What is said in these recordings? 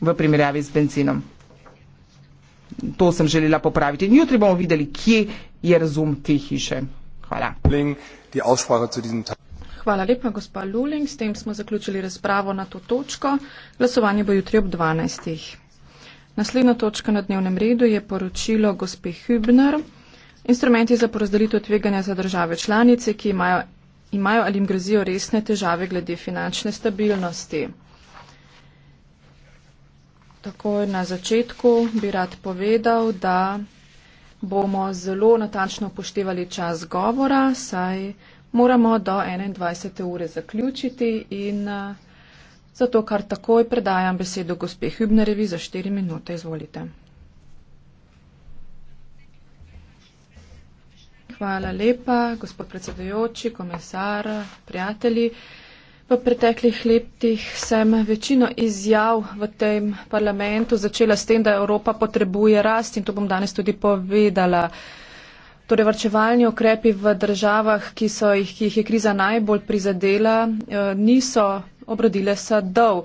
v primerjavi z benzinom. To sem želela popraviti. In jutri bomo videli, kje je razum te hiše. Hvala. Hvala lepa, gospa Luling. S tem smo zaključili razpravo na to točko. Glasovanje bo jutri ob 12. Naslednja točka na dnevnem redu je poročilo gospe Hübner. Instrumenti za porazdelitev tveganja za države članice, ki imajo, imajo ali jim grozijo resne težave glede finančne stabilnosti takoj na začetku bi rad povedal, da bomo zelo natančno upoštevali čas govora, saj moramo do 21. ure zaključiti in eh, zato kar takoj predajam besedo gospe Hübnerevi za 4 minute. Izvolite. Hvala lepa, gospod predsedujoči, komisar, prijatelji. V preteklih letih sem večino izjav v tem parlamentu začela s tem, da Evropa potrebuje rast in to bom danes tudi povedala. Torej varčevalni okrepi v državah, ki, jih, ki jih je kriza najbolj prizadela, eh, niso obrodile sadov.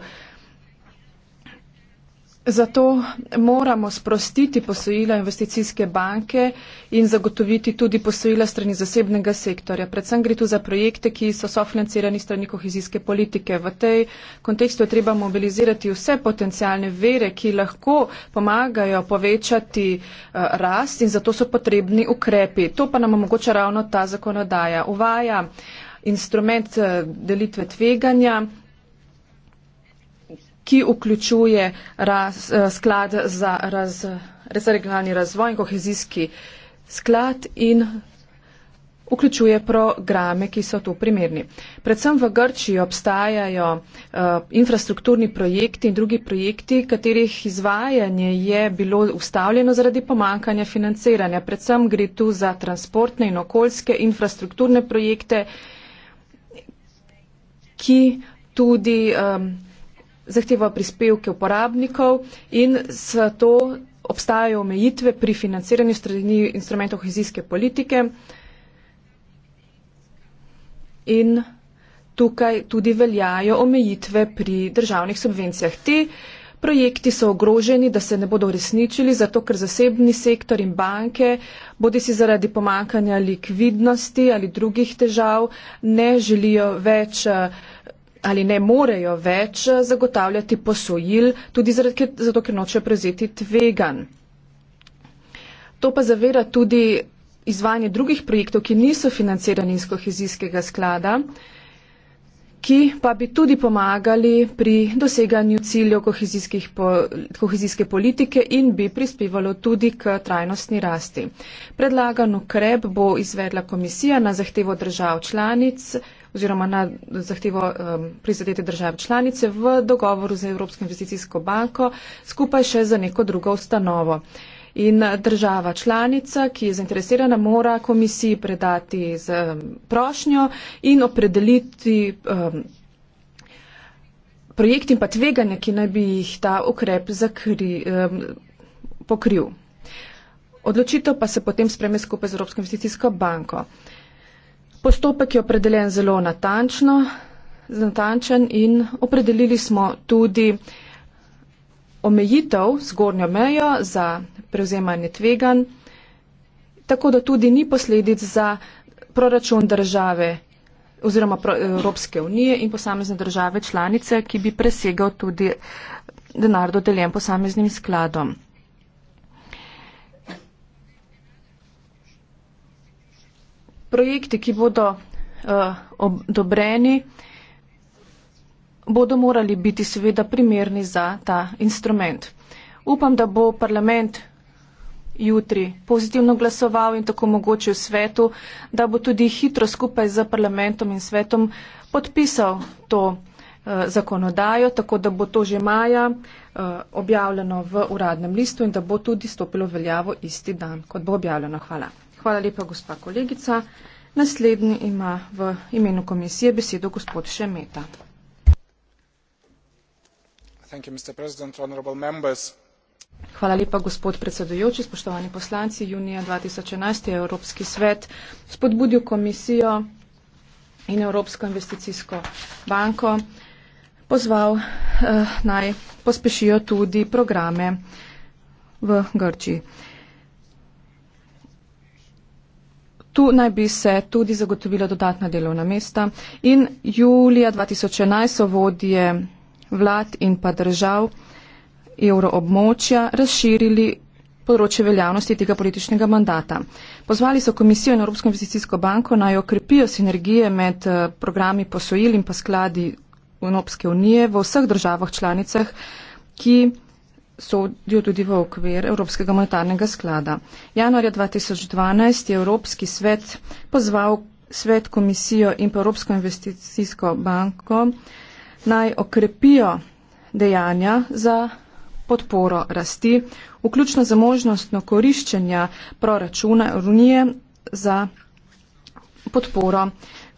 Zato moramo sprostiti posojila investicijske banke in zagotoviti tudi posojila strani zasebnega sektorja. Predvsem gre tu za projekte, ki so sofinancirani strani kohezijske politike. V tej kontekstu je treba mobilizirati vse potencijalne vere, ki lahko pomagajo povečati eh, rast in zato so potrebni ukrepi. To pa nam omogoča ravno ta zakonodaja. Uvaja instrument eh, delitve tveganja ki vključuje raz, eh, sklad za raz, regionalni razvoj in kohezijski sklad in vključuje programe, ki so tu primerni. Predvsem v Grčiji obstajajo uh, infrastrukturni projekti in drugi projekti, katerih izvajanje je bilo ustavljeno zaradi pomankanja financiranja. Predvsem gre tu za transportne in okoljske infrastrukturne projekte, ki tudi um, zahteva prispevke uporabnikov in zato obstajajo omejitve pri financiranju strani instrumentov kohezijske politike. In tukaj tudi veljajo omejitve pri državnih subvencijah. Te projekti so ogroženi, da se ne bodo uresničili, zato ker zasebni sektor in banke, bodi si zaradi pomankanja likvidnosti ali drugih težav, ne želijo več eh, ali ne morejo več zagotavljati posojil, tudi zato, ker nočejo prevzeti tvegan. To pa zavira tudi izvajanje drugih projektov, ki niso financirani iz kohezijskega sklada, ki pa bi tudi pomagali pri doseganju ciljev po, kohezijske politike in bi prispevalo tudi k trajnostni rasti. Predlagan ukrep bo izvedla komisija na zahtevo držav članic oziroma na zahtevo um, prizadete države članice v dogovoru z Evropsko investicijsko banko skupaj še za neko drugo ustanovo. In država članica, ki je zainteresirana, mora komisiji predati z prošnjo in opredeliti um, projekt in pa tveganja, ki naj bi jih ta ukrep zakri, um, pokril. Odločitev pa se potem spreme skupaj z Evropsko investicijsko banko. Uh, Postopek je opredeljen zelo natančno, natančen in opredelili smo tudi omejitev, zgornjo mejo za prevzemanje tvegan, tako da tudi ni posledic za proračun države oziroma Evropske unije in posamezne države članice, ki bi presegal tudi denar dodeljen posameznim skladom. projekti, ki bodo uh, odobreni, bodo morali biti seveda primerni za ta instrument. Upam, da bo parlament jutri pozitivno glasoval in tako mogoče v svetu, da bo tudi hitro skupaj z parlamentom in svetom podpisal to eh, zakonodajo, tako da bo to že maja eh, objavljeno v uradnem listu in da bo tudi stopilo veljavo isti dan, kot bo objavljeno. Hvala. Hvala lepa, gospa kolegica. Naslednji ima v imenu komisije besedo gospod Šemeta. Hvala lepa, gospod predsedujoči, spoštovani poslanci. Junija 2011 je Evropski svet spodbudil komisijo in Evropsko investicijsko banko pozval eh, naj pospešijo tudi programe v Grčiji. Tu naj bi se tudi zagotovilo dodatna delovna mesta in julija 2011 so vodje vlad in pa držav evroobmočja razširili področje veljavnosti tega političnega mandata. Pozvali so komisijo in Evropsko investicijsko banko naj okrepijo sinergije med eh, programi posojil in pa skladi Evropske unije v vseh državah članicah, ki sodijo tudi v okvir Evropskega monetarnega sklada. Januarja 2012 je Evropski svet pozval svet komisijo in pa Evropsko investicijsko banko naj okrepijo dejanja za podporo rasti, vključno za možnostno koriščenja proračuna Unije za podporo uh,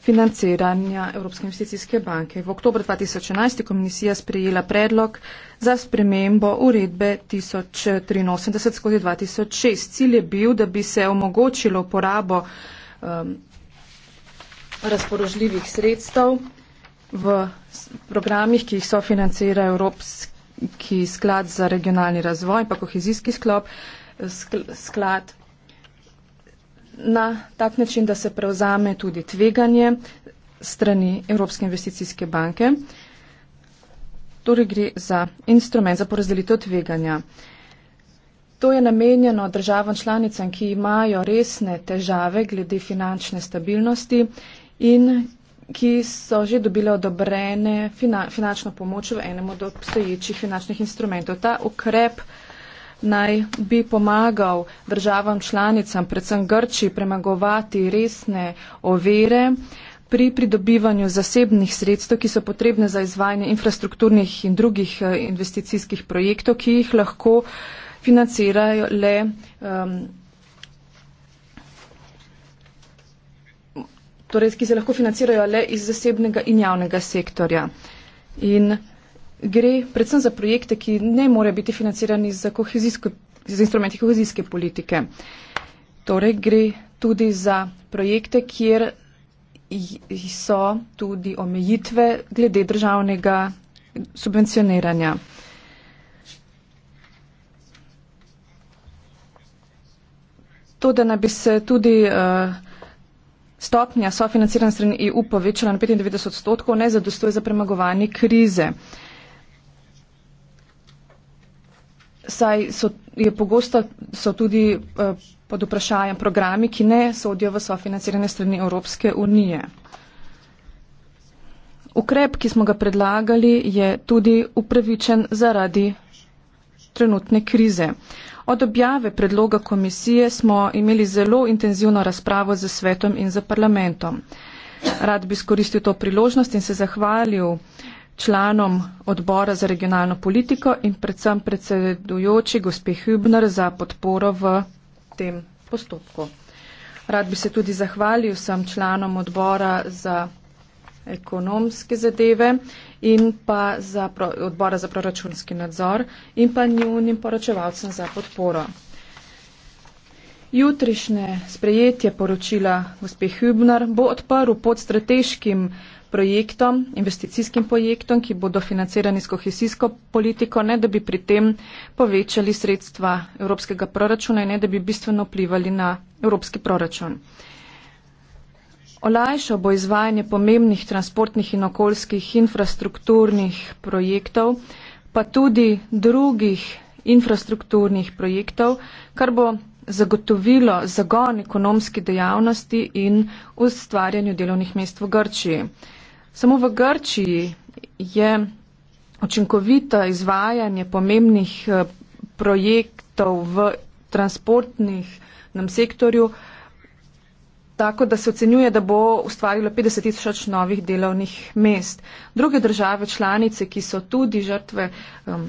financiranja Evropske investicijske banke. V oktober 2011 je komisija sprejela predlog za spremembo uredbe 1083-2006. Cilj je bil, da bi se omogočilo uporabo um, razpoložljivih sredstev v programih, ki jih sofinancira Evropski sklad za regionalni razvoj in pa kohezijski sklop, eh, skl sklad na tak način, da se prevzame tudi tveganje strani Evropske investicijske banke. Torej gre za instrument za porazdelitev tveganja. To je namenjeno državam članicam, ki imajo resne težave glede finančne stabilnosti in ki so že dobile odobrene finančno pomoč v enem od obstoječih finančnih instrumentov. Ta ukrep naj bi pomagal državam članicam, predvsem Grči, premagovati resne ovire pri pridobivanju zasebnih sredstev, ki so potrebne za izvajanje infrastrukturnih in drugih eh, investicijskih projektov, ki jih lahko financirajo le. Um, Torej, ki se lahko financirajo le iz zasebnega in javnega sektorja. In gre predvsem za projekte, ki ne more biti financirani za, za instrumenti kohezijske politike. Torej gre tudi za projekte, kjer so tudi omejitve glede državnega subvencioniranja. To, da naj bi se tudi uh, stopnja sofinanciranja strani EU povečala na 95 odstotkov, ne zadostuje za premagovanje krize. Uh, saj so, je pogosto so tudi eh, pod vprašanjem programi, ki ne sodijo v sofinancirane strani Evropske unije. Ukrep, ki smo ga predlagali, je tudi upravičen zaradi trenutne krize. Od objave predloga komisije smo imeli zelo intenzivno razpravo z svetom in z parlamentom. Rad bi skoristil to priložnost in se zahvalil uh, članom odbora za regionalno politiko in predvsem predsedujoči gospe Hübner za podporo v tem postopku. Rad bi se tudi zahvalil vsem članom odbora za ekonomske zadeve in pa za pro, odbora za proračunski nadzor in pa njunim poročevalcem za podporo. Jutrišnje sprejetje poročila gospe Hübner bo odprl pod strateškim projektom, investicijskim projektom, ki bodo financirani s kohesijsko politiko, ne da bi pri tem povečali sredstva evropskega proračuna in ne da bi bistveno vplivali na evropski proračun. Olajšal bo izvajanje pomembnih transportnih in okoljskih infrastrukturnih projektov, pa tudi drugih infrastrukturnih projektov, kar bo zagotovilo zagon ekonomski dejavnosti in ustvarjanju delovnih mest v Grčiji. Samo v Grčiji je učinkovito izvajanje pomembnih eh, projektov v transportnih nam sektorju, tako da se ocenjuje, da bo ustvarilo 50 tisoč novih delovnih mest. Druge države članice, ki so tudi žrtve um,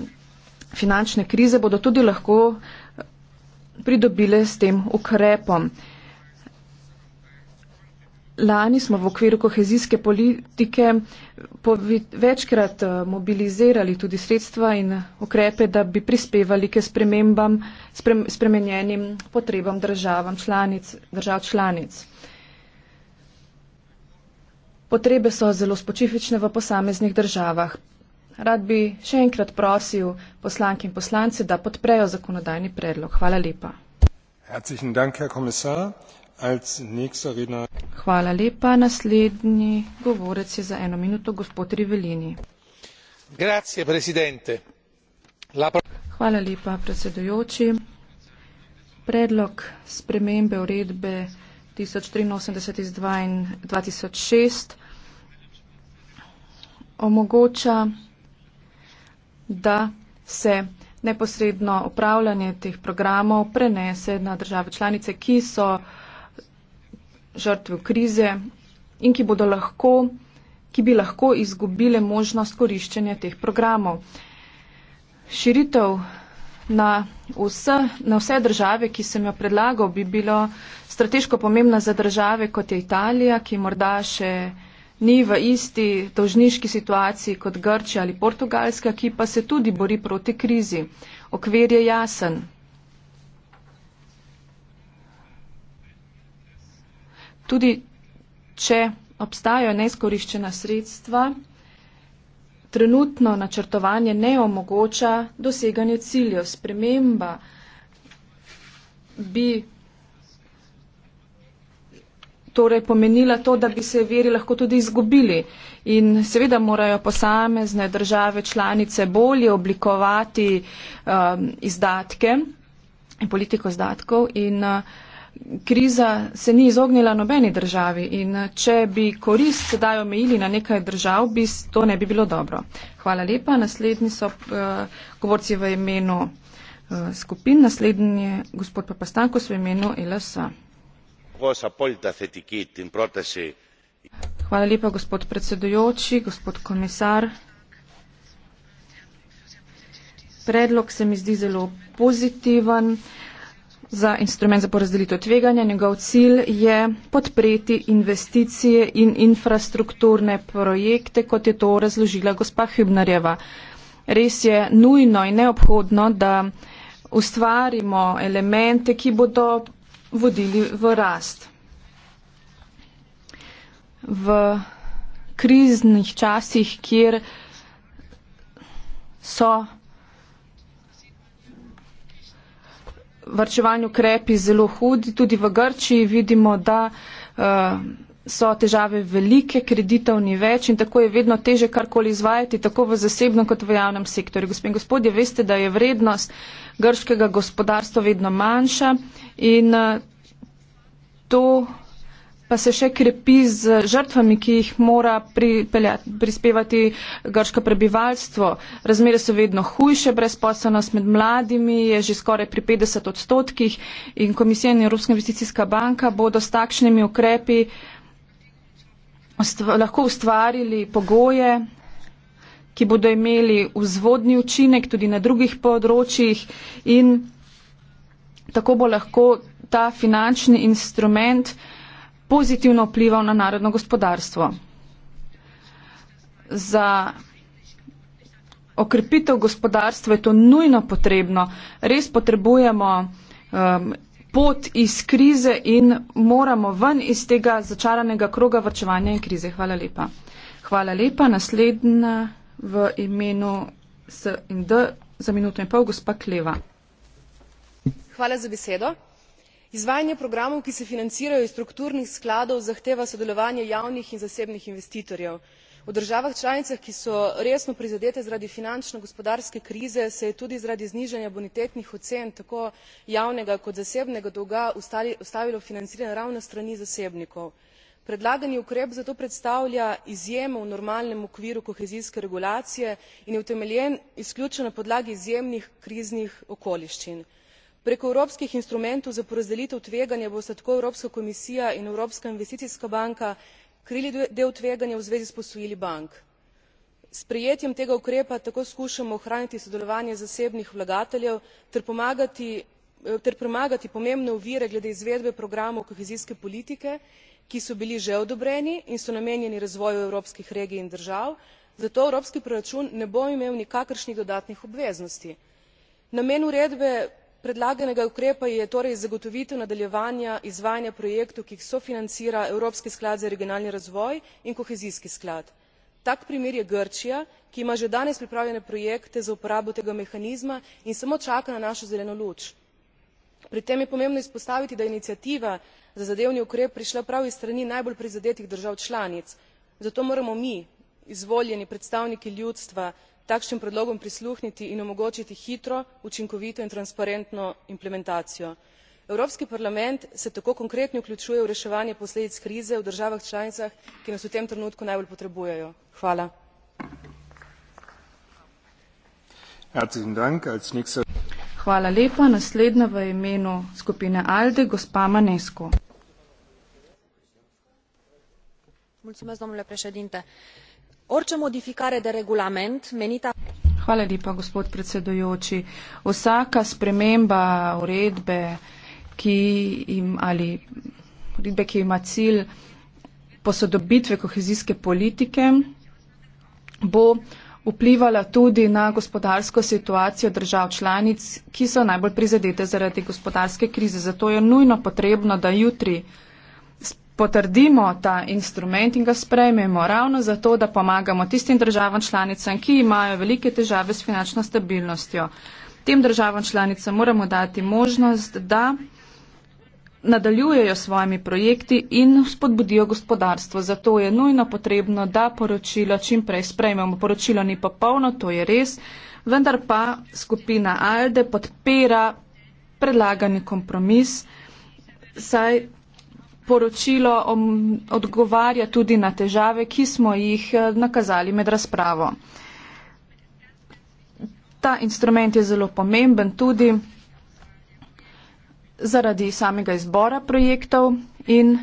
finančne krize, bodo tudi lahko eh, pridobile s tem ukrepom. Uh, Lani smo v okviru kohezijske politike večkrat eh, mobilizirali tudi sredstva in ukrepe, da bi prispevali k spremembam, spremenjenim potrebam državam članic, držav članic. Potrebe so zelo specifične v posameznih državah. Rad bi še enkrat prosil poslanke in poslance, da podprejo zakonodajni predlog. Hvala lepa. Herzlichen Dank, Herr Kommissar. Hvala lepa. Naslednji govorec je za eno minuto gospod Rivelini. Hvala lepa, predsedujoči. Predlog spremembe uredbe 1083 iz 2006 omogoča, da se neposredno upravljanje teh programov prenese na države članice, ki so žrtve krize in ki, lahko, ki bi lahko izgubile možnost koriščenja teh programov. Širitev na vse, na vse države, ki sem jo predlagal, bi bilo strateško pomembna za države, kot je Italija, ki morda še ni v isti dožniški situaciji kot Grčija ali Portugalska, ki pa se tudi bori proti krizi. Okvir je jasen. tudi če obstajajo neskoriščena sredstva, trenutno načrtovanje ne omogoča doseganje ciljev. Sprememba bi torej pomenila to, da bi se veri lahko tudi izgubili. In seveda morajo posamezne države članice bolje oblikovati um, izdatke in politiko izdatkov in uh, Kriza se ni izognila nobeni državi in če bi korist sedaj omejili na nekaj držav, bi to ne bi bilo dobro. Hvala lepa. Naslednji so uh, govorci v imenu uh, skupin, naslednji je gospod Papastanko v imenu LS. Hvala lepa, gospod predsedujoči, gospod komisar. Predlog se mi zdi zelo pozitiven. Uh, za instrument za porazdelitev tveganja. Njegov cilj je podpreti investicije in infrastrukturne projekte, kot je to razložila gospa Hübnareva. Res je nujno in neobhodno, da ustvarimo elemente, ki bodo vodili v rast. V kriznih časih, kjer so varčevalni ukrepi zelo hudi. Tudi v Grčiji vidimo, da eh, so težave velike, kreditov ni več in tako je vedno teže karkoli izvajati, tako v zasebnem kot v javnem sektorju. Gospod in gospodje, veste, da je vrednost grškega gospodarstva vedno manjša in eh, to pa se še krepi z žrtvami, ki jih mora prispevati grško prebivalstvo. Razmere so vedno hujše, brezposobnost med mladimi je že skoraj pri 50 odstotkih in Komisija in Evropska investicijska banka bodo s takšnimi ukrepi ustva, lahko ustvarili pogoje, ki bodo imeli vzvodni učinek tudi na drugih področjih in tako bo lahko ta finančni instrument, pozitivno vplival na narodno gospodarstvo. Za okrepitev gospodarstva je to nujno potrebno. Res potrebujemo um, pot iz krize in moramo ven iz tega začaranega kroga vrčevanja in krize. Hvala lepa. Hvala lepa. Naslednja v imenu S in D za minuto in pol, gospa Kleva. Hvala za besedo izvajanje programov ki se financirajo iz strukturnih skladov zahteva sodelovanje javnih in zasebnih investitorjev. v državah članicah ki so resno prizadete zaradi finančno gospodarske krize se je tudi zaradi znižanja bonitetnih ocen tako javnega kot zasebnega dolga ustavilo financiranje ravno s strani zasebnikov. predlagani ukrep zato predstavlja izjemo v normalnem okviru kohezijske regulacije in je utemeljen izključno na podlagi izjemnih kriznih okoliščin preko evropskih instrumentov za porazdelitev tveganja bosta tako evropska komisija in evropska investicijska banka krili del tveganja v zvezi s posojili bank. s sprejetjem tega ukrepa tako skušamo ohraniti sodelovanje zasebnih vlagateljev ter pomagati eh, ter premagati pomembne ovire glede izvedbe programov kohezijske politike ki so bili že odobreni in so namenjeni razvoju evropskih regij in držav zato evropski proračun ne bo imel nikakršnih dodatnih obveznosti. namen uredbe predlaganega ukrepa je torej zagotovitev nadaljevanja izvajanja projektov ki jih sofinancira evropski sklad za regionalni razvoj in kohezijski sklad tak primer je grčija ki ima že danes pripravljene projekte za uporabo tega mehanizma in samo čaka na našo zeleno luč pri tem je pomembno izpostaviti da je iniciativa za zadevni ukrep prišla prav iz strani najbolj prizadetih držav članic zato moramo mi izvoljeni predstavniki ljudstva takšnim predlogom prisluhniti in omogočiti hitro učinkovito in transparentno implementacijo. evropski parlament se tako konkretno vključuje v reševanje posledic krize v državah članicah ki nas v tem trenutku najbolj potrebujejo. Hvala lepa, gospod predsedujoči. Vsaka sprememba uredbe, ki im ali uredbe, ki ima cilj posodobitve kohezijske politike, bo vplivala tudi na gospodarsko situacijo držav članic, ki so najbolj prizadete zaradi gospodarske krize. Zato je nujno potrebno, da jutri potrdimo ta instrument in ga sprejmemo ravno zato, da pomagamo tistim državam članicam, ki imajo velike težave s finančno stabilnostjo. Tem državam članicam moramo dati možnost, da nadaljujejo svojimi projekti in spodbudijo gospodarstvo. Zato je nujno potrebno, da poročilo čim prej sprejmemo. Poročilo ni popolno, to je res, vendar pa skupina ALDE podpira predlagani kompromis, saj poročilo odgovarja tudi na težave, ki smo jih eh, nakazali med razpravo. Ta instrument je zelo pomemben tudi zaradi samega izbora projektov in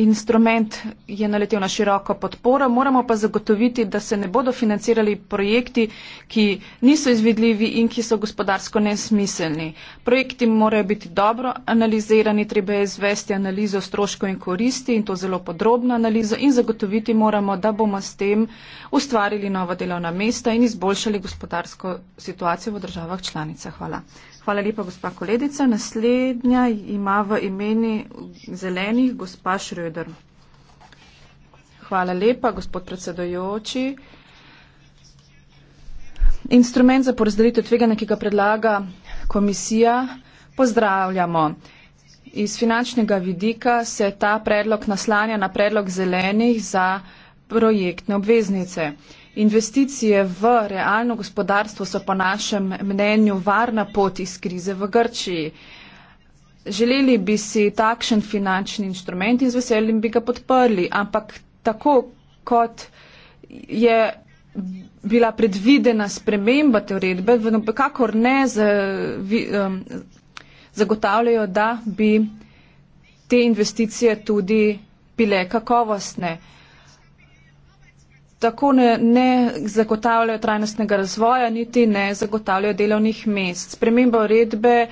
Instrument je naletel na široko podporo, moramo pa zagotoviti, da se ne bodo financirali projekti, ki niso izvedljivi in ki so gospodarsko nesmiselni. Projekti morajo biti dobro analizirani, treba je izvesti analizo stroškov in koristi in to zelo podrobno analizo in zagotoviti moramo, da bomo s tem ustvarili nova delovna mesta in izboljšali gospodarsko situacijo v državah članicah. Hvala. Hvala lepa, gospa kolegica. Naslednja ima v imeni zelenih gospa Šröder. Hvala lepa, gospod predsedojoči. Instrument za porazdelitev tveganja, ki ga predlaga komisija, pozdravljamo. Iz finančnega vidika se ta predlog naslanja na predlog zelenih za projektne obveznice. Uh, Investicije v realno gospodarstvo so po našem mnenju varna pot iz krize v Grčiji. Želeli bi si takšen finančni inštrument in z veseljem bi ga podprli, ampak tako kot je bila predvidena sprememba te uredbe, kakor ne zagotavljajo, da bi te investicije tudi bile kakovostne tako ne, ne zagotavljajo trajnostnega razvoja, niti ne zagotavljajo delovnih mest. Sprememba uredbe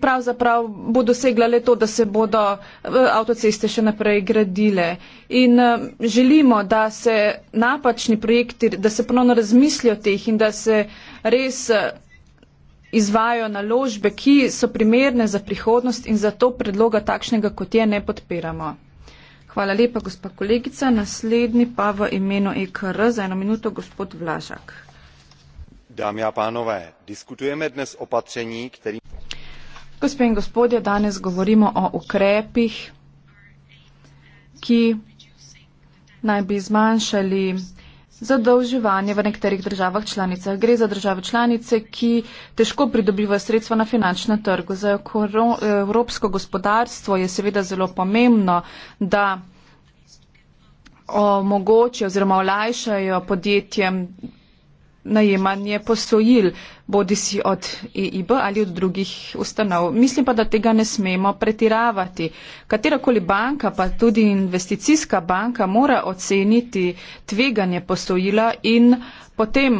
pravzaprav bo dosegla le to, da se bodo eh, avtoceste še naprej gradile. In eh, želimo, da se napačni projekti, da se ponovno razmislijo teh in da se res eh, izvajo naložbe, ki so primerne za prihodnost in zato predloga takšnega, kot je, ne podpiramo. Hvala lepa, gospa kolegica. Naslednji pa v imenu EKR za eno minuto, gospod Vlažak. Dame in panove, diskutujemo danes o patrenji, kateri. Gospe in gospodje, danes govorimo o ukrepih, ki naj bi zmanjšali zadolževanje v nekaterih državah članicah. Gre za države članice, ki težko pridobivajo sredstva na finančnem trgu. Za evropsko gospodarstvo je seveda zelo pomembno, da omogočijo oziroma olajšajo podjetjem najemanje posojil, bodi si od EIB ali od drugih ustanov. Mislim pa, da tega ne smemo pretiravati. Katerakoli banka, pa tudi investicijska banka, mora oceniti tveganje posojila in potem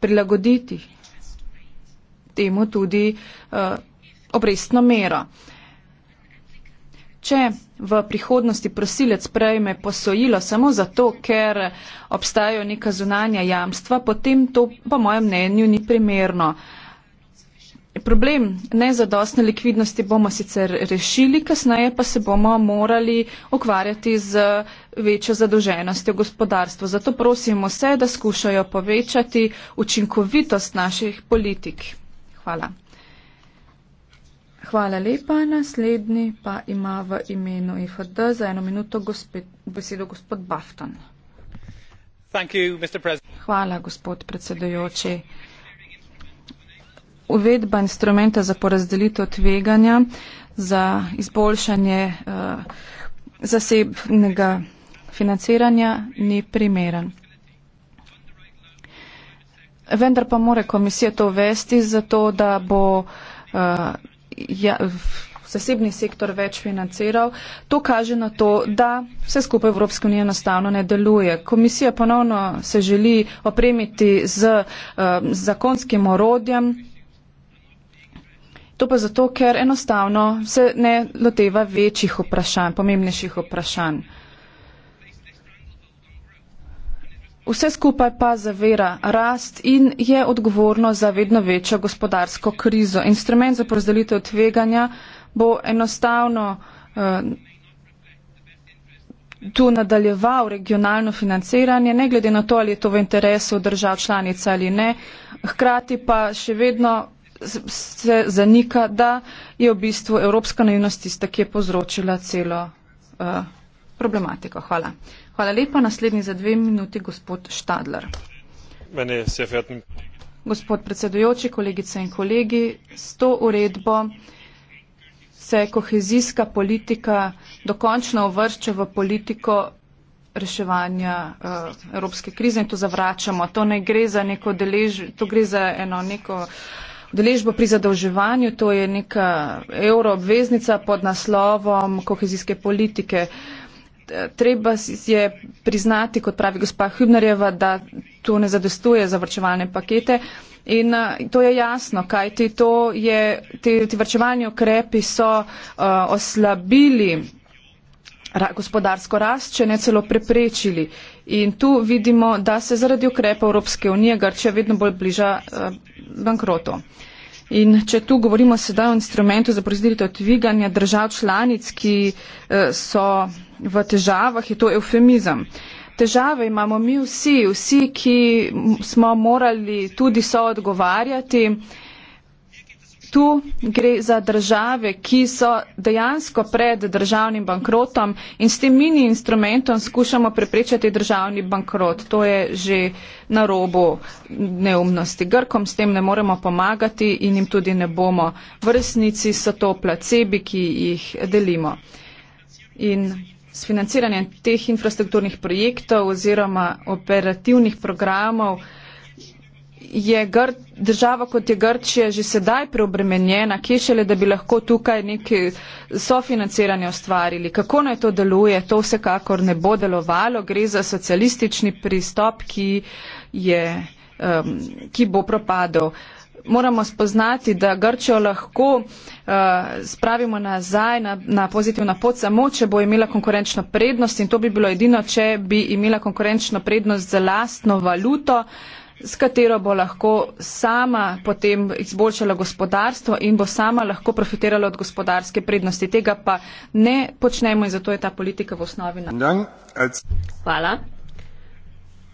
prilagoditi temu tudi uh, obrestno mero. Uh, Če v prihodnosti prosilec prejme posojilo samo zato, ker obstajajo neka zunanja jamstva, potem to po mojem mnenju ni primerno. Problem nezadostne likvidnosti bomo sicer rešili, kasneje pa se bomo morali ukvarjati z večjo zadolženostjo gospodarstva. Zato prosimo vse, da skušajo povečati učinkovitost naših politik. Hvala. Hvala lepa. Naslednji pa ima v imenu IFD za eno minuto gospe, besedo gospod Bafton. You, Hvala, gospod predsedujoči. Uvedba instrumenta za porazdelitev tveganja za izboljšanje uh, zasebnega financiranja ni primeren. Vendar pa mora komisija to uvesti zato, da bo uh, ja, zasebni sektor več financiral. To kaže na to, da vse skupaj Evropske unije enostavno ne deluje. Komisija ponovno se želi opremiti z um, zakonskim orodjem. To pa zato, ker enostavno se ne loteva večjih vprašanj, pomembnejših vprašanj. Vse skupaj pa zavira rast in je odgovorno za vedno večjo gospodarsko krizo. Instrument za porazdelitev tveganja bo enostavno eh, tu nadaljeval regionalno financiranje, ne glede na to, ali je to v interesu držav članica ali ne. Hkrati pa še vedno se zanika, da je v bistvu evropska naivnost tista, ki je povzročila celo eh, problematiko. Hvala. Hvala lepa. Naslednji za dve minuti gospod Štadler. Gospod predsedujoči, kolegice in kolegi, s to uredbo se kohezijska politika dokončno uvršča v politiko reševanja uh, evropske krize in to zavračamo. To ne gre za neko delež, to gre za eno neko deležbo pri zadolževanju, to je neka euroobveznica pod naslovom kohezijske politike. Uh, Eh, treba je priznati, kot pravi gospa Hübnerjeva, da to ne zadostuje za vrčevalne pakete. In eh, to je jasno, kaj ti to je, ti, ti vrčevalni ukrepi so uh, oslabili gospodarsko rast, če ne celo preprečili. In tu vidimo, da se zaradi ukrepa Evropske unije Grčija vedno bolj bliža uh, bankrotu. Uh, In če tu govorimo sedaj o instrumentu za prezidritev tviganja držav članic, ki eh, so v težavah, je to eufemizem. Težave imamo mi vsi, vsi, ki smo morali tudi soodgovarjati. odgovarjati tu gre za države, ki so dejansko pred državnim bankrotom in s tem mini instrumentom skušamo preprečati državni bankrot. To je že na robu neumnosti. Grkom s tem ne moremo pomagati in jim tudi ne bomo. V resnici so to placebi, ki jih delimo. In s financiranjem teh infrastrukturnih projektov oziroma operativnih programov je Gr država kot je Grčija že sedaj preobremenjena, kje šele, da bi lahko tukaj neki sofinanciranje ustvarili. Kako naj to deluje? To vsekakor ne bo delovalo. Gre za socialistični pristop, ki, je, um, ki bo propadel. Moramo spoznati, da Grčijo lahko uh, spravimo nazaj na, na pozitivna pot samo, če bo imela konkurenčno prednost in to bi bilo edino, če bi imela konkurenčno prednost za lastno valuto. Uh, s katero bo lahko sama potem izboljšala gospodarstvo in bo sama lahko profitirala od gospodarske prednosti. Tega pa ne počnemo in zato je ta politika v osnovi na. Hvala.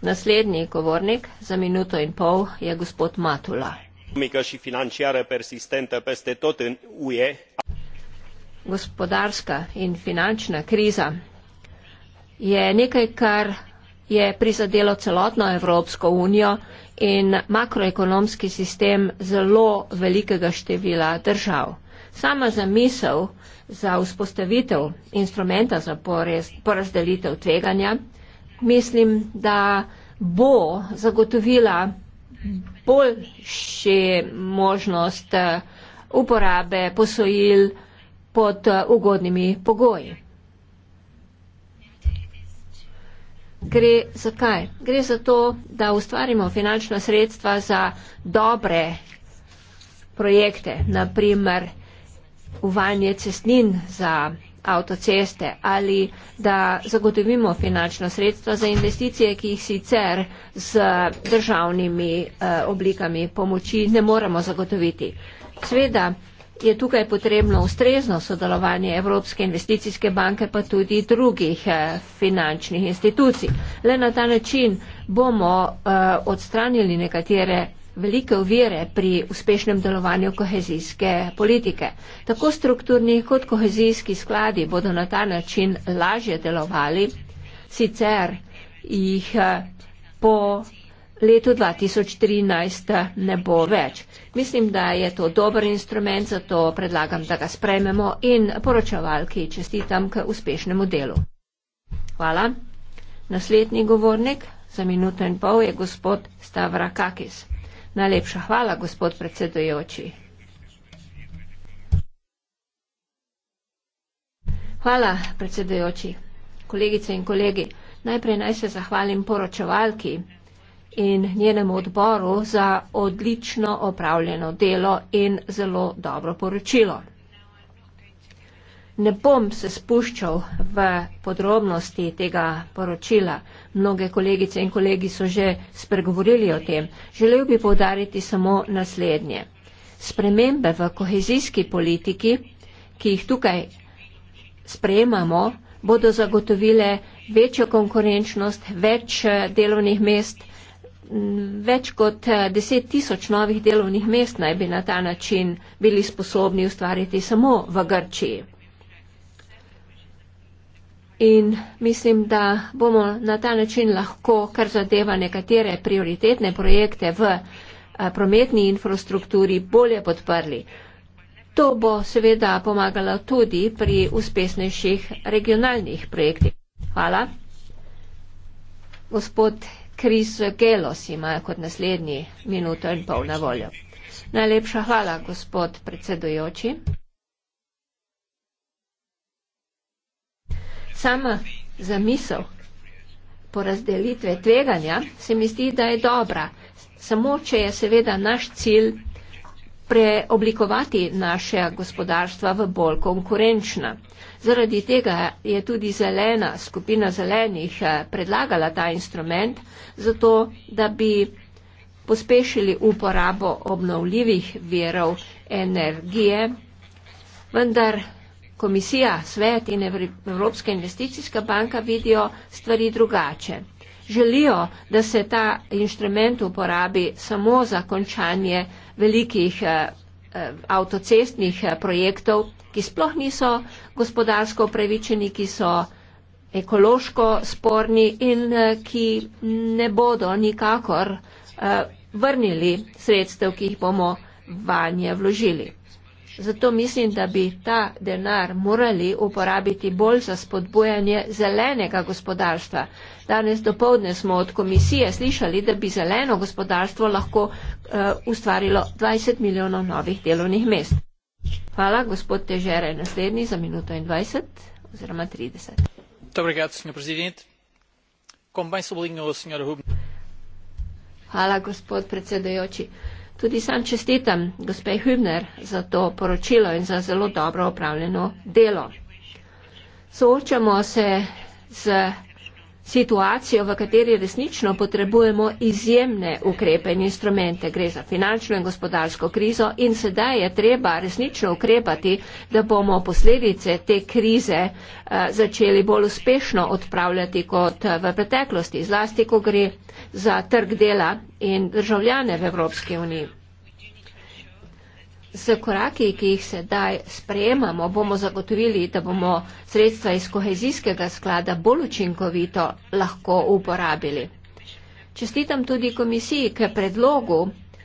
Naslednji govornik za minuto in pol je gospod Matula. E. Gospodarska in finančna kriza je nekaj, kar je prizadelo celotno Evropsko unijo in makroekonomski sistem zelo velikega števila držav. Sama zamisel za vzpostavitev instrumenta za porazdelitev tveganja mislim, da bo zagotovila boljši možnost eh, uporabe posojil pod eh, ugodnimi pogoji. gre za kaj? Gre za to, da ustvarimo finančna sredstva za dobre projekte, naprimer uvanje cestnin za avtoceste ali da zagotovimo finančno sredstvo za investicije, ki jih sicer z državnimi eh, oblikami pomoči ne moremo zagotoviti. Sveda je tukaj potrebno ustrezno sodelovanje Evropske investicijske banke, pa tudi drugih eh, finančnih institucij. Le na ta način bomo eh, odstranili nekatere velike uvire pri uspešnem delovanju kohezijske politike. Tako strukturni kot kohezijski skladi bodo na ta način lažje delovali, sicer jih eh, po letu 2013 ne bo več. Mislim, da je to dober instrument, zato predlagam, da ga sprejmemo in poročevalki čestitam k uspešnemu delu. Hvala. Naslednji govornik za minuto in pol je gospod Stavrakakis. Najlepša hvala, gospod predsedujoči. Hvala, predsedujoči. Kolegice in kolegi, najprej naj se zahvalim poročevalki in njenemu odboru za odlično opravljeno delo in zelo dobro poročilo. Ne bom se spuščal v podrobnosti tega poročila. Mnoge kolegice in kolegi so že spregovorili o tem. Želel bi povdariti samo naslednje. Spremembe v kohezijski politiki, ki jih tukaj sprejemamo, bodo zagotovile večjo konkurenčnost, več delovnih mest, več kot eh, deset tisoč novih delovnih mest naj bi na ta način bili sposobni ustvariti samo v Grčiji. In mislim, da bomo na ta način lahko, kar zadeva nekatere prioritetne projekte v eh, prometni infrastrukturi, bolje podprli. To bo seveda pomagalo tudi pri uspešnejših regionalnih projektih. Hvala. Gospod Kris Gelos ima kot naslednji minuto in pol na voljo. Najlepša hvala, gospod predsedujoči. Sama zamisel porazdelitve tveganja se mi zdi, da je dobra. Samo, če je seveda naš cilj preoblikovati naše gospodarstva v bolj konkurenčna. Zaradi tega je tudi zelena skupina zelenih eh, predlagala ta instrument, zato da bi pospešili uporabo obnovljivih verov energije. Vendar komisija, svet in Evropska investicijska banka vidijo stvari drugače. Želijo, da se ta inštrument uporabi samo za končanje velikih eh, eh avtocestnih eh, projektov, ki sploh niso gospodarsko upravičeni, ki so ekološko sporni in eh, ki ne bodo nikakor eh, vrnili sredstev, ki jih bomo vanje vložili. Zato mislim, da bi ta denar morali uporabiti bolj za spodbujanje zelenega gospodarstva. Danes dopovdne smo od komisije slišali, da bi zeleno gospodarstvo lahko uh, ustvarilo 20 milijonov novih delovnih mest. Hvala, gospod Težera je naslednji za minuto in dvajset oziroma trideset. Obrigado, senhor presidente. Com bem sublinhou a senhora Rubin. Hvala, gospod predsedujoči. Tudi sam čestitam gospe Hübner za to poročilo in za zelo dobro opravljeno delo. Soočamo se z situacijo, v kateri resnično potrebujemo izjemne ukrepe in instrumente. Gre za finančno in gospodarsko krizo in sedaj je treba resnično ukrepati, da bomo posledice te krize eh, začeli bolj uspešno odpravljati kot eh, v preteklosti, zlasti, ko gre za trg dela in državljane v Evropski uniji. Z koraki, ki jih sedaj sprejemamo, bomo zagotovili, da bomo sredstva iz kohezijskega sklada bolj učinkovito lahko uporabili. Čestitam tudi komisiji, ker predlogu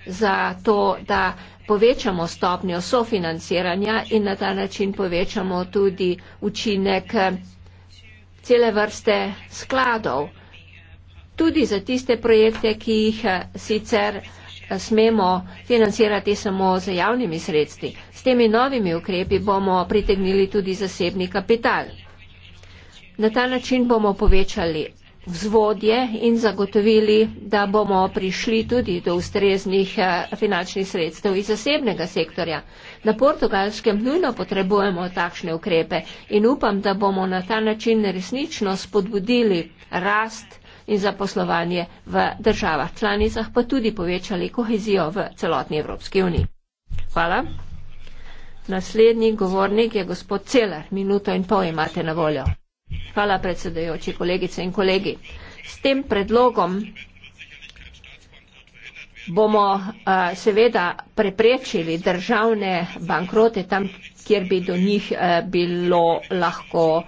za to, da povečamo stopnjo sofinanciranja in na ta način povečamo tudi učinek cele vrste skladov. Tudi za tiste projekte, ki jih sicer smemo financirati samo z javnimi sredstvi. S temi novimi ukrepi bomo pritegnili tudi zasebni kapital. Na ta način bomo povečali vzvodje in zagotovili, da bomo prišli tudi do ustreznih eh, finančnih sredstev iz zasebnega sektorja. Na portugalskem nujno potrebujemo takšne ukrepe in upam, da bomo na ta način resnično spodbudili rast in zaposlovanje v državah članicah, pa tudi povečali kohezijo v celotni Evropski uniji. Hvala. Naslednji govornik je gospod Celar. Minuto in pol imate na voljo. Hvala predsedajoči, kolegice in kolegi. S tem predlogom bomo uh, seveda preprečili državne bankrote tam, kjer bi do njih uh, bilo lahko uh,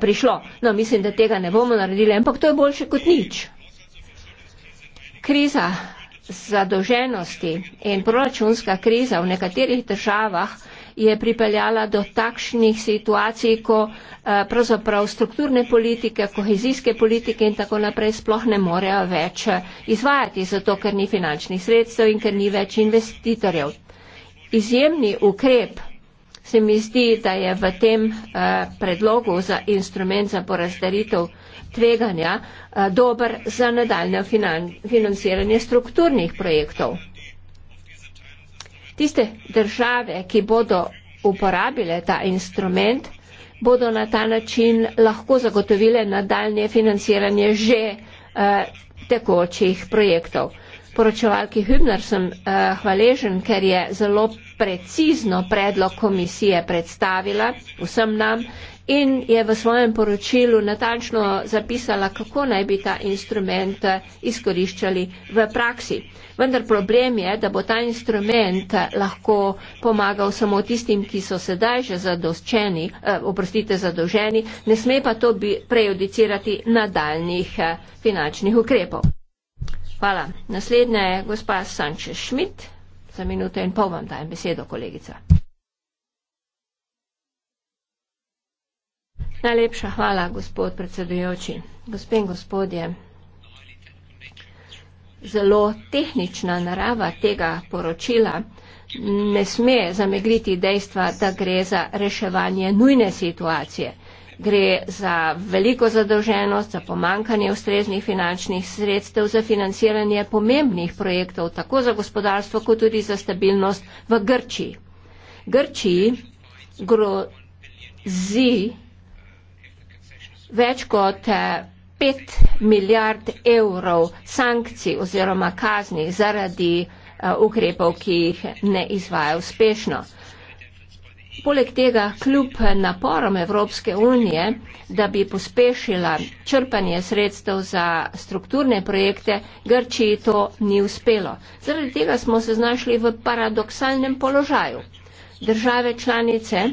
prišlo. No, mislim, da tega ne bomo naredili, ampak to je boljše kot nič. Kriza zadolženosti in proračunska kriza v nekaterih državah uh, je pripeljala do takšnih situacij, ko eh, pravzaprav strukturne politike, kohezijske politike in tako naprej sploh ne morejo več eh, izvajati, zato ker ni finančnih sredstev in ker ni več investitorjev. Izjemni ukrep se mi zdi, da je v tem eh, predlogu za instrument za porazdaritev tveganja dober za nadaljne financiranje strukturnih projektov. Tiste države, ki bodo uporabile ta instrument, bodo na ta način lahko zagotovile nadaljne financiranje že eh, tekočih projektov. Poročevalki Hübner sem eh, hvaležen, ker je zelo precizno predlog komisije predstavila vsem nam in je v svojem poročilu natančno zapisala, kako naj bi ta instrument eh, izkoriščali v praksi. Vendar problem je, da bo ta instrument eh, lahko pomagal samo tistim, ki so sedaj že zadoščeni, eh, oprostite, zadolženi, ne sme pa to bi prejudicirati nadaljnih finančnih ukrepov. Hvala. Naslednja je gospa Sanče Šmit. Za minuto in pol vam dajem besedo, kolegica. Najlepša hvala, gospod predsedujoči. Gospe in gospodje, zelo tehnična narava tega poročila ne sme zamegliti dejstva, da gre za reševanje nujne situacije. Gre za veliko zadolženost, za pomankanje ustreznih finančnih sredstev, za financiranje pomembnih projektov, tako za gospodarstvo, kot tudi za stabilnost v Grčiji. Grčiji grozi več kot 5 eh, milijard evrov sankcij oziroma kazni zaradi eh, ukrepov, ki jih ne izvaja uspešno. Poleg tega, kljub naporom Evropske unije, da bi pospešila črpanje sredstev za strukturne projekte, Grčiji to ni uspelo. Zaradi tega smo se znašli v paradoksalnem položaju. Države članice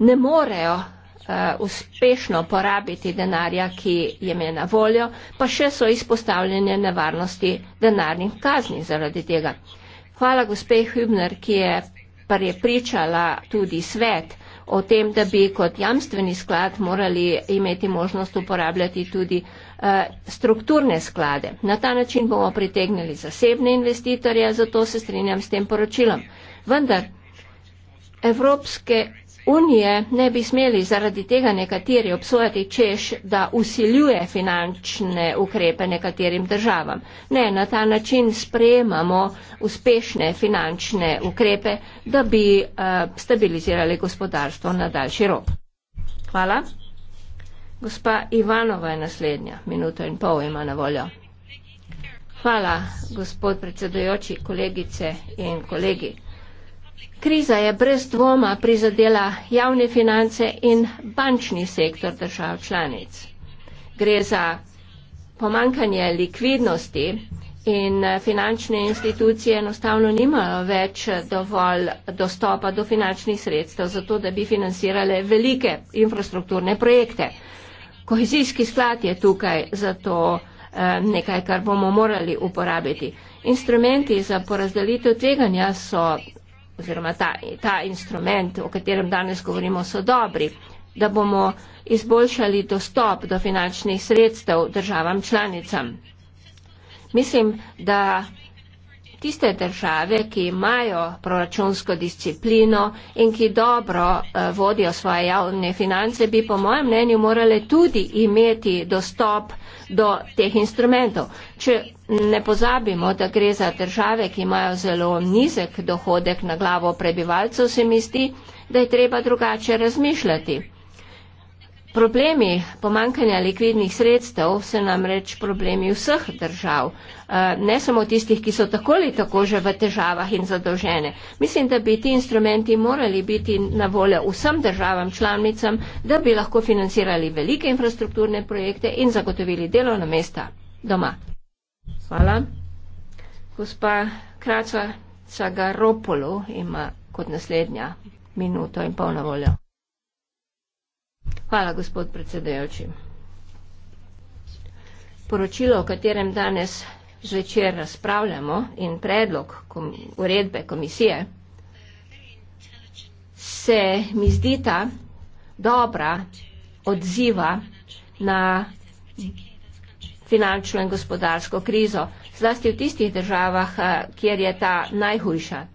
ne morejo Eh, uspešno porabiti denarja, ki jim je na voljo, pa še so izpostavljene nevarnosti denarnih kazni zaradi tega. Hvala gospe Hübner, ki je prepričala tudi svet o tem, da bi kot jamstveni sklad morali imeti možnost uporabljati tudi uh, strukturne sklade. Na ta način bomo pritegnili zasebne investitorje, zato se strinjam s tem poročilom. Vendar, Evropske unije ne bi smeli zaradi tega nekateri obsojati, češ, da usiljuje finančne ukrepe nekaterim državam. Ne, na ta način sprejemamo uspešne finančne ukrepe, da bi uh, stabilizirali gospodarstvo na daljši rok. Hvala. Gospa Ivanova je naslednja, minuto in pol ima na voljo. Hvala, gospod predsedujoči, kolegice in kolegi. Kriza je brez dvoma prizadela javne finance in bančni sektor držav članic. Gre za pomankanje likvidnosti in finančne institucije enostavno nimajo več dovolj dostopa do finančnih sredstev za to, da bi financirale velike infrastrukturne projekte. Kohezijski sklad je tukaj zato eh, nekaj, kar bomo morali uporabiti. Instrumenti za porazdelitev tveganja so oziroma ta, ta instrument, o katerem danes govorimo, so dobri, da bomo izboljšali dostop do finančnih sredstev državam članicam. Mislim, da tiste države, ki imajo proračunsko disciplino in ki dobro uh, vodijo svoje javne finance, bi po mojem mnenju morale tudi imeti dostop do teh instrumentov. Če ne pozabimo, da gre za države, ki imajo zelo nizek dohodek na glavo prebivalcev, se mi zdi, da je treba drugače razmišljati. Problemi pomankanja likvidnih sredstev so namreč problemi vseh držav, eh, ne samo tistih, ki so tako ali tako že v težavah in zadolžene. Mislim, da bi ti instrumenti morali biti na voljo vsem državam članicam, da bi lahko financirali velike infrastrukturne projekte in zagotovili delovna mesta doma. Hvala. Gospa Kraca Cagaropolu ima kot naslednja minuto in pol na voljo. Hvala, gospod predsedujoči. Poročilo, o katerem danes zvečer razpravljamo, in predlog uredbe komisije se mi zdita dobra odziva na finančno in gospodarsko krizo, zlasti v tistih državah, eh, kjer je ta najhujša.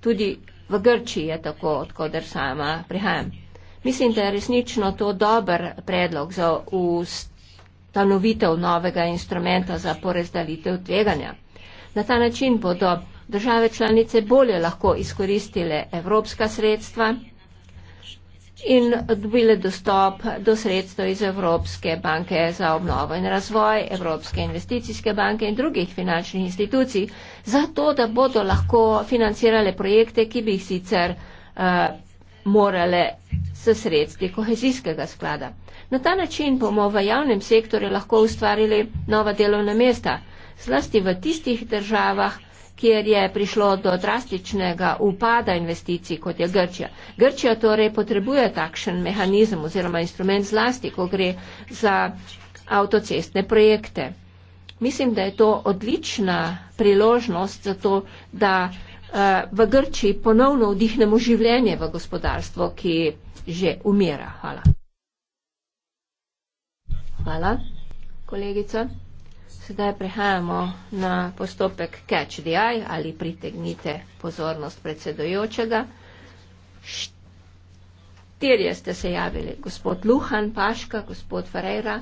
Tudi v Grčiji je tako, od koder sama prihajam. Mislim, da je resnično to dober predlog za ustanovitev novega instrumenta za porezdalitev tveganja. Na ta način bodo države članice bolje lahko izkoristile evropska sredstva in dobile dostop do sredstev iz Evropske banke za obnovo in razvoj, Evropske investicijske banke in drugih finančnih institucij, zato da bodo lahko financirale projekte, ki bi jih sicer uh, morale s sredstvi kohezijskega sklada. Na ta način bomo v javnem sektorju lahko ustvarili nova delovna mesta, zlasti v tistih državah, kjer je prišlo do drastičnega upada investicij, kot je Grčija. Grčija torej potrebuje takšen mehanizem oziroma instrument zlasti, ko gre za avtocestne projekte. Mislim, da je to odlična priložnost za to, da v Grčiji ponovno vdihnemo življenje v gospodarstvo, ki že umira. Hvala. Hvala, kolegica. Sedaj prehajamo na postopek catch the eye ali pritegnite pozornost predsedojočega. Štirje ste se javili, gospod Luhan, Paška, gospod Ferreira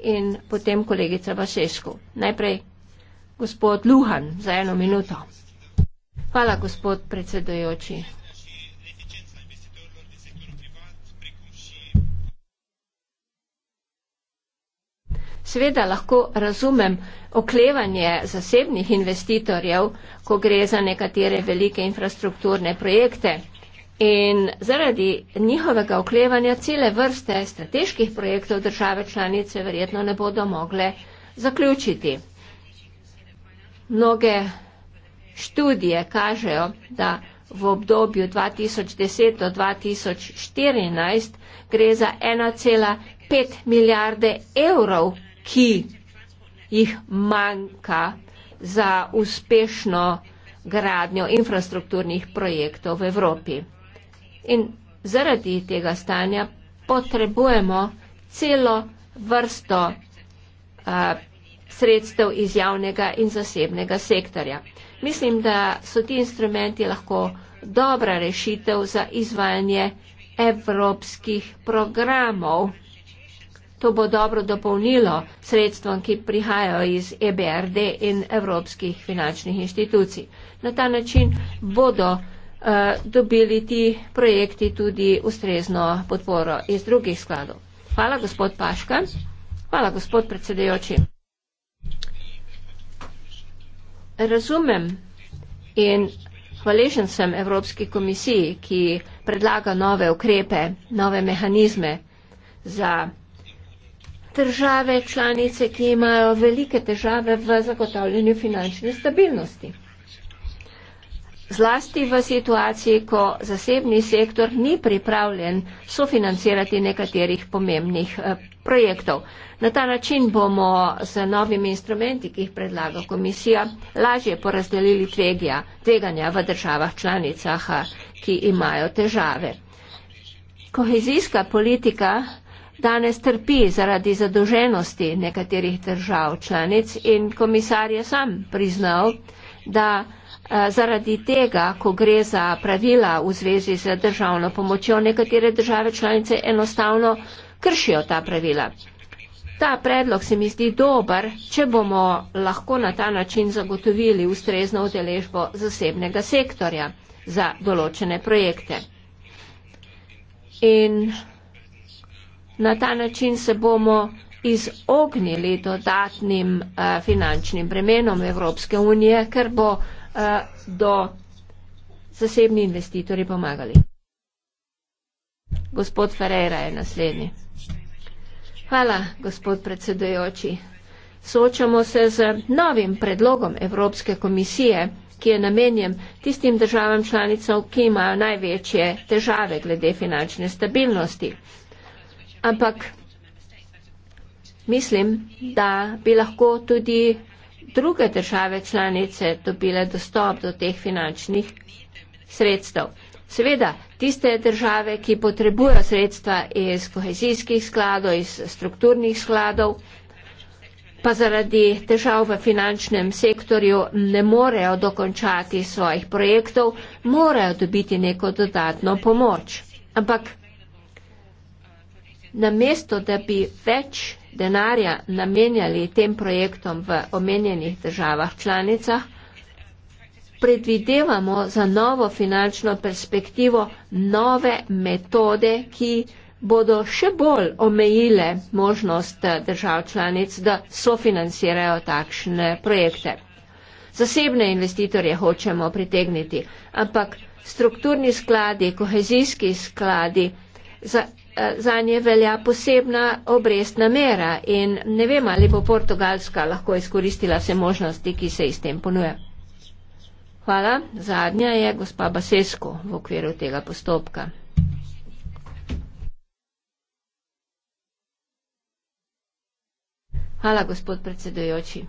in potem kolegica Vašesku. Najprej gospod Luhan za eno minuto. Hvala, gospod predsedujoči. Seveda lahko razumem oklevanje zasebnih investitorjev, ko gre za nekatere velike infrastrukturne projekte. In zaradi njihovega oklevanja cele vrste strateških projektov države članice verjetno ne bodo mogle zaključiti. Mnoge študije kažejo, da v obdobju 2010 do 2014 gre za 1,5 milijarde evrov, ki jih manjka za uspešno gradnjo infrastrukturnih projektov v Evropi. In zaradi tega stanja potrebujemo celo vrsto uh, sredstev iz javnega in zasebnega sektorja. Mislim, da so ti instrumenti lahko dobra rešitev za izvajanje evropskih programov. To bo dobro dopolnilo sredstvom, ki prihajajo iz EBRD in evropskih finančnih inštitucij. Na ta način bodo uh, dobili ti projekti tudi ustrezno podporo iz drugih skladov. Hvala, gospod Paška. Hvala, gospod predsedujoči. Razumem in hvaležen sem Evropski komisiji, ki predlaga nove ukrepe, nove mehanizme za države članice, ki imajo velike težave v zagotavljanju finančne stabilnosti. Zlasti v situaciji, ko zasebni sektor ni pripravljen sofinancirati nekaterih pomembnih eh, projektov. Na ta način bomo s novimi instrumenti, ki jih predlaga komisija, lažje porazdelili tvegja, tveganja v državah članicah, ki imajo težave. Kohezijska politika danes trpi zaradi zadolženosti nekaterih držav članic in komisar je sam priznal, da eh, zaradi tega, ko gre za pravila v zvezi z državno pomočjo, nekatere države članice enostavno kršijo ta pravila. Ta predlog se mi zdi dober, če bomo lahko na ta način zagotovili ustrezno udeležbo zasebnega sektorja za določene projekte. In na ta način se bomo izognili dodatnim uh, finančnim bremenom Evropske unije, ker bo uh, do zasebni investitorji pomagali. Gospod Ferreira je naslednji. Hvala, gospod predsedujoči. Soočamo se z novim predlogom Evropske komisije, ki je namenjen tistim državam članicam, ki imajo največje težave glede finančne stabilnosti. Ampak mislim, da bi lahko tudi druge države članice dobile dostop do teh finančnih sredstev. Seveda, tiste države, ki potrebujejo sredstva iz kohezijskih skladov, iz strukturnih skladov, pa zaradi težav v finančnem sektorju ne morejo dokončati svojih projektov, morajo dobiti neko dodatno pomoč. Ampak namesto, da bi več denarja namenjali tem projektom v omenjenih državah članicah, predvidevamo za novo finančno perspektivo nove metode, ki bodo še bolj omejile možnost držav članic, da sofinancirajo takšne projekte. Zasebne investitorje hočemo pritegniti, ampak strukturni skladi, kohezijski skladi, za, eh, za nje velja posebna obrestna mera in ne vem, ali bo Portugalska lahko izkoristila vse možnosti, ki se iz tem ponujejo. Hvala. Zadnja je gospa Basesko v okviru tega postopka. Hvala, gospod predsedujoči.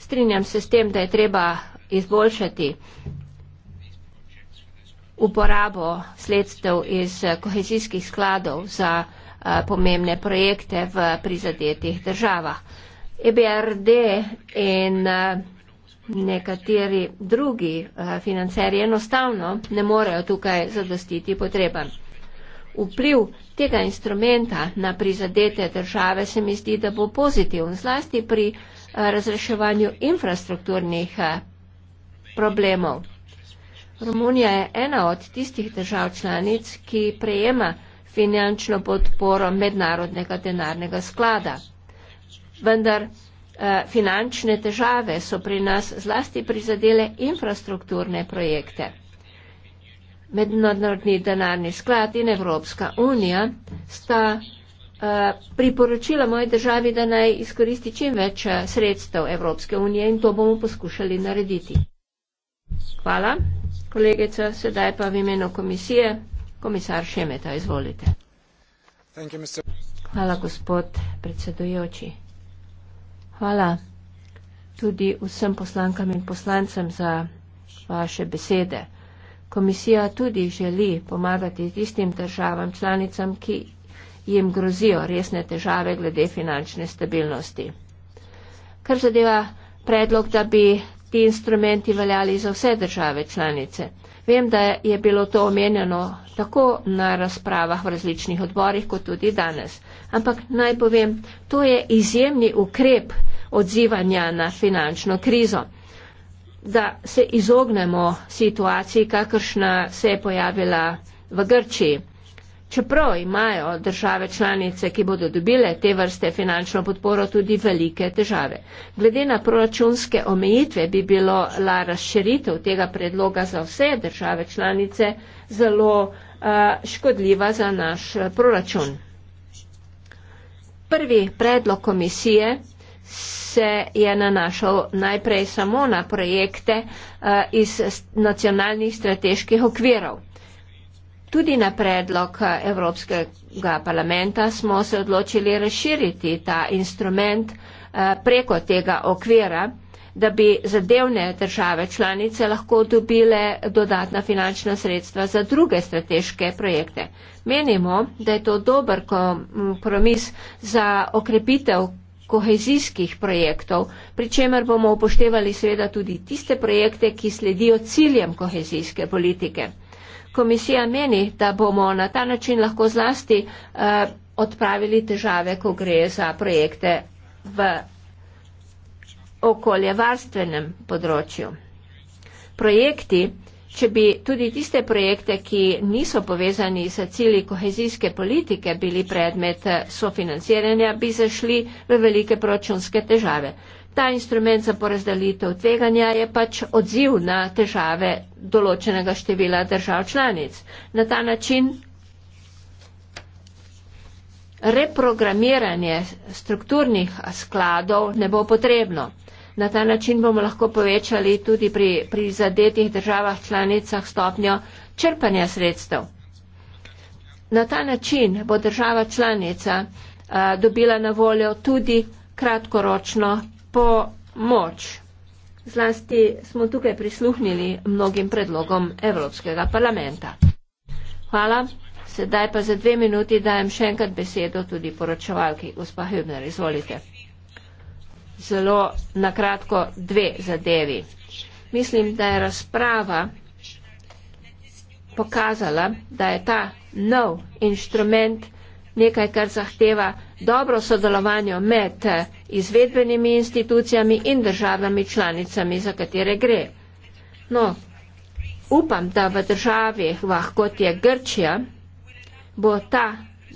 Strinjam se s tem, da je treba izboljšati uporabo sredstev iz kohezijskih skladov za pomembne projekte v prizadetih državah. EBRD in eh, nekateri drugi eh, financerji enostavno ne morejo tukaj zadostiti potrebam. Vpliv tega instrumenta na prizadete države se mi zdi, da bo pozitiven, zlasti pri eh, razreševanju infrastrukturnih problemov. Romunija je ena od tistih držav članic, ki prejema finančno podporo mednarodnega denarnega sklada vendar eh, finančne težave so pri nas zlasti prizadele infrastrukturne projekte. Mednarodni denarni sklad in Evropska unija sta uh, priporočila moji državi, da naj izkoristi čim več eh, sredstev Evropske unije in to bomo poskušali narediti. Hvala, kolegica. Sedaj pa v imenu komisije, komisar Šemeta, izvolite. Hvala, gospod predsedujoči. Hvala tudi vsem poslankam in poslancem za vaše besede. Komisija tudi želi pomagati tistim državam članicam, ki jim grozijo resne težave glede finančne stabilnosti. Kar zadeva predlog, da bi ti instrumenti veljali za vse države članice. Vem, da je bilo to omenjeno tako na razpravah v različnih odborih, kot tudi danes. Ampak naj povem, to je izjemni ukrep odzivanja na finančno krizo. Da se izognemo situaciji, kakršna se je pojavila v Grčiji. Čeprav imajo države članice, ki bodo dobile te vrste finančno podporo, tudi velike težave. Glede na proračunske omejitve bi bilo la razširitev tega predloga za vse države članice zelo uh, škodljiva za naš eh, proračun. Prvi predlog komisije se je nanašal najprej samo na projekte eh, iz nacionalnih strateških okvirov. Tudi na predlog eh, Evropskega parlamenta smo se odločili razširiti ta instrument eh, preko tega okvira, da bi zadevne države članice lahko dobile dodatna finančna sredstva za druge strateške projekte. Menimo, da je to dober kompromis za okrepitev kohezijskih projektov, pri čemer bomo upoštevali seveda tudi tiste projekte, ki sledijo ciljem kohezijske politike. Komisija meni, da bomo na ta način lahko zlasti eh, odpravili težave, ko gre za projekte v okoljevarstvenem področju. Projekti, Če bi tudi tiste projekte, ki niso povezani s cilji kohezijske politike, bili predmet eh, sofinanciranja, bi zašli v velike proračunske težave. Ta instrument za porazdelitev tveganja je pač odziv na težave določenega števila držav članic. Na ta način reprogramiranje strukturnih skladov ne bo potrebno. Na ta način bomo lahko povečali tudi pri, pri zadetih državah članicah stopnjo črpanja sredstev. Na ta način bo država članica a, dobila na voljo tudi kratkoročno pomoč. Zlasti smo tukaj prisluhnili mnogim predlogom Evropskega parlamenta. Hvala. Sedaj pa za dve minuti dajem še enkrat besedo tudi poročevalki. Gospa Hübner, izvolite zelo nakratko dve zadevi. Mislim, da je razprava pokazala, da je ta nov inštrument nekaj, kar zahteva dobro sodelovanje med eh, izvedbenimi institucijami in državami članicami, za katere gre. No, upam, da v državah, kot je Grčija, bo ta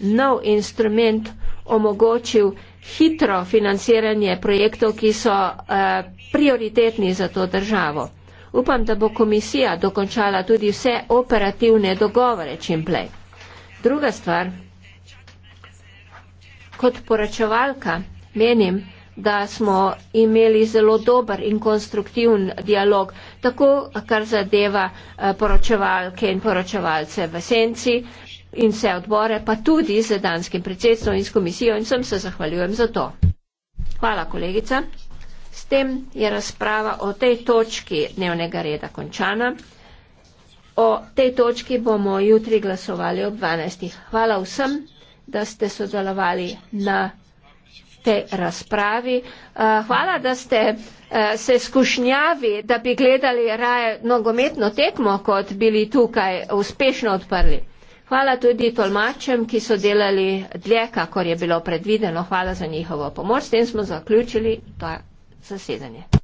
nov instrument omogočil hitro financiranje projektov, ki so eh, prioritetni za to državo. Upam, da bo komisija dokončala tudi vse operativne dogovore čim prej. Druga stvar, kot poračevalka menim, da smo imeli zelo dober in konstruktivn dialog, tako kar zadeva eh, poročevalke in poročevalce v senci, in vse odbore, pa tudi z danskim predsedstvom in s komisijo in vsem se zahvaljujem za to. Hvala, kolegica. S tem je razprava o tej točki dnevnega reda končana. O tej točki bomo jutri glasovali ob 12. Hvala vsem, da ste sodelovali na tej razpravi. Eh, hvala, da ste eh, se skušnjavi, da bi gledali raje nogometno tekmo, kot bili tukaj uspešno odprli. Hvala tudi tolmačem, ki so delali dlje, kakor je bilo predvideno. Hvala za njihovo pomoč. S tem smo zaključili to zasedanje.